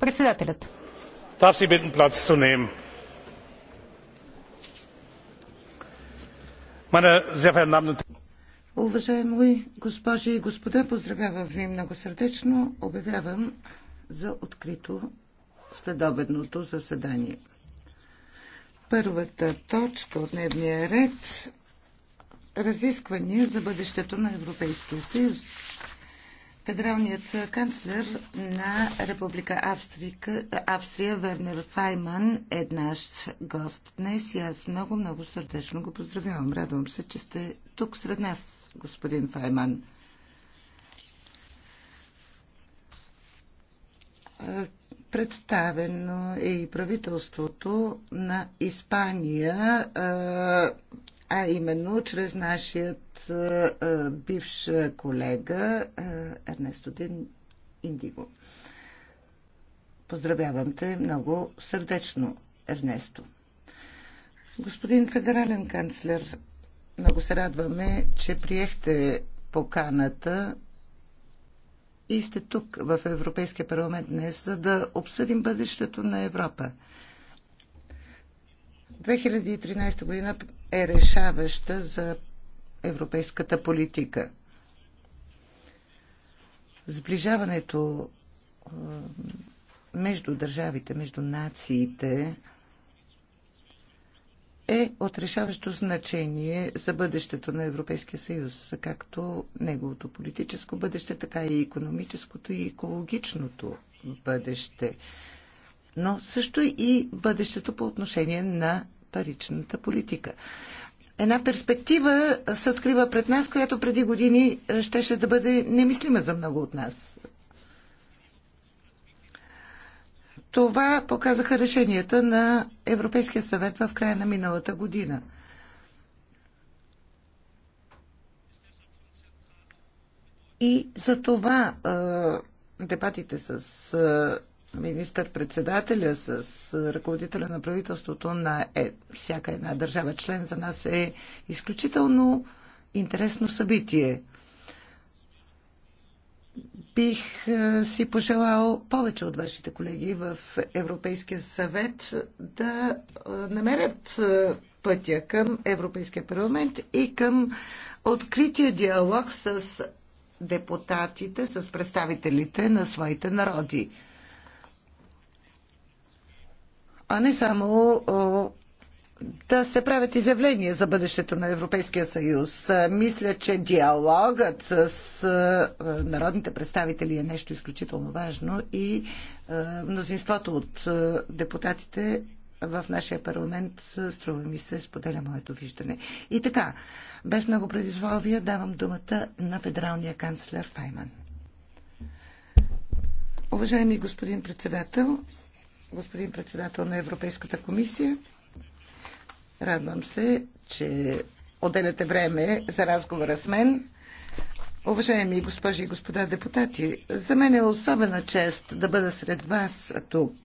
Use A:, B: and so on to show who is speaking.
A: Председателят. Darf Sie bitten, Platz zu nehmen. Meine Уважаеми госпожи и господа, поздравявам ви много сърдечно. Обявявам за открито следобедното заседание. Първата точка от дневния ред разисквания за бъдещето на Европейския съюз. Федералният канцлер на Република Австрика, Австрия Вернер Файман е наш гост днес и аз много, много сърдечно го поздравявам. Радвам се, че сте тук сред нас, господин Файман. Представено е и правителството на Испания а именно чрез нашият бивш колега Ернесто Ден Индиго. Поздравявам те много сърдечно, Ернесто. Господин федерален канцлер, много се радваме, че приехте поканата и сте тук в Европейския парламент днес, за да обсъдим бъдещето на Европа. 2013 година е решаваща за европейската политика. Сближаването между държавите, между нациите е от решаващо значение за бъдещето на Европейския съюз, както неговото политическо бъдеще, така и економическото и екологичното бъдеще, но също и бъдещето по отношение на паричната политика. Една перспектива се открива пред нас, която преди години щеше да бъде немислима за много от нас. Това показаха решенията на Европейския съвет в края на миналата година. И за това е, дебатите с е, министър-председателя, с ръководителя на правителството на е, всяка една държава член за нас е изключително интересно събитие. Бих е, си пожелал повече от вашите колеги в Европейския съвет да е, намерят е, пътя към Европейския парламент и към открития диалог с депутатите, с представителите на своите народи а не само да се правят изявления за бъдещето на Европейския съюз. Мисля, че диалогът с народните представители е нещо изключително важно и мнозинството от депутатите в нашия парламент, струва ми се, споделя моето виждане. И така, без много предизвовия, давам думата на федералния канцлер Файман. Уважаеми господин председател, господин председател на Европейската комисия. Радвам се, че отделяте време за разговора с мен. Уважаеми госпожи и господа депутати, за мен е особена чест да бъда сред вас тук.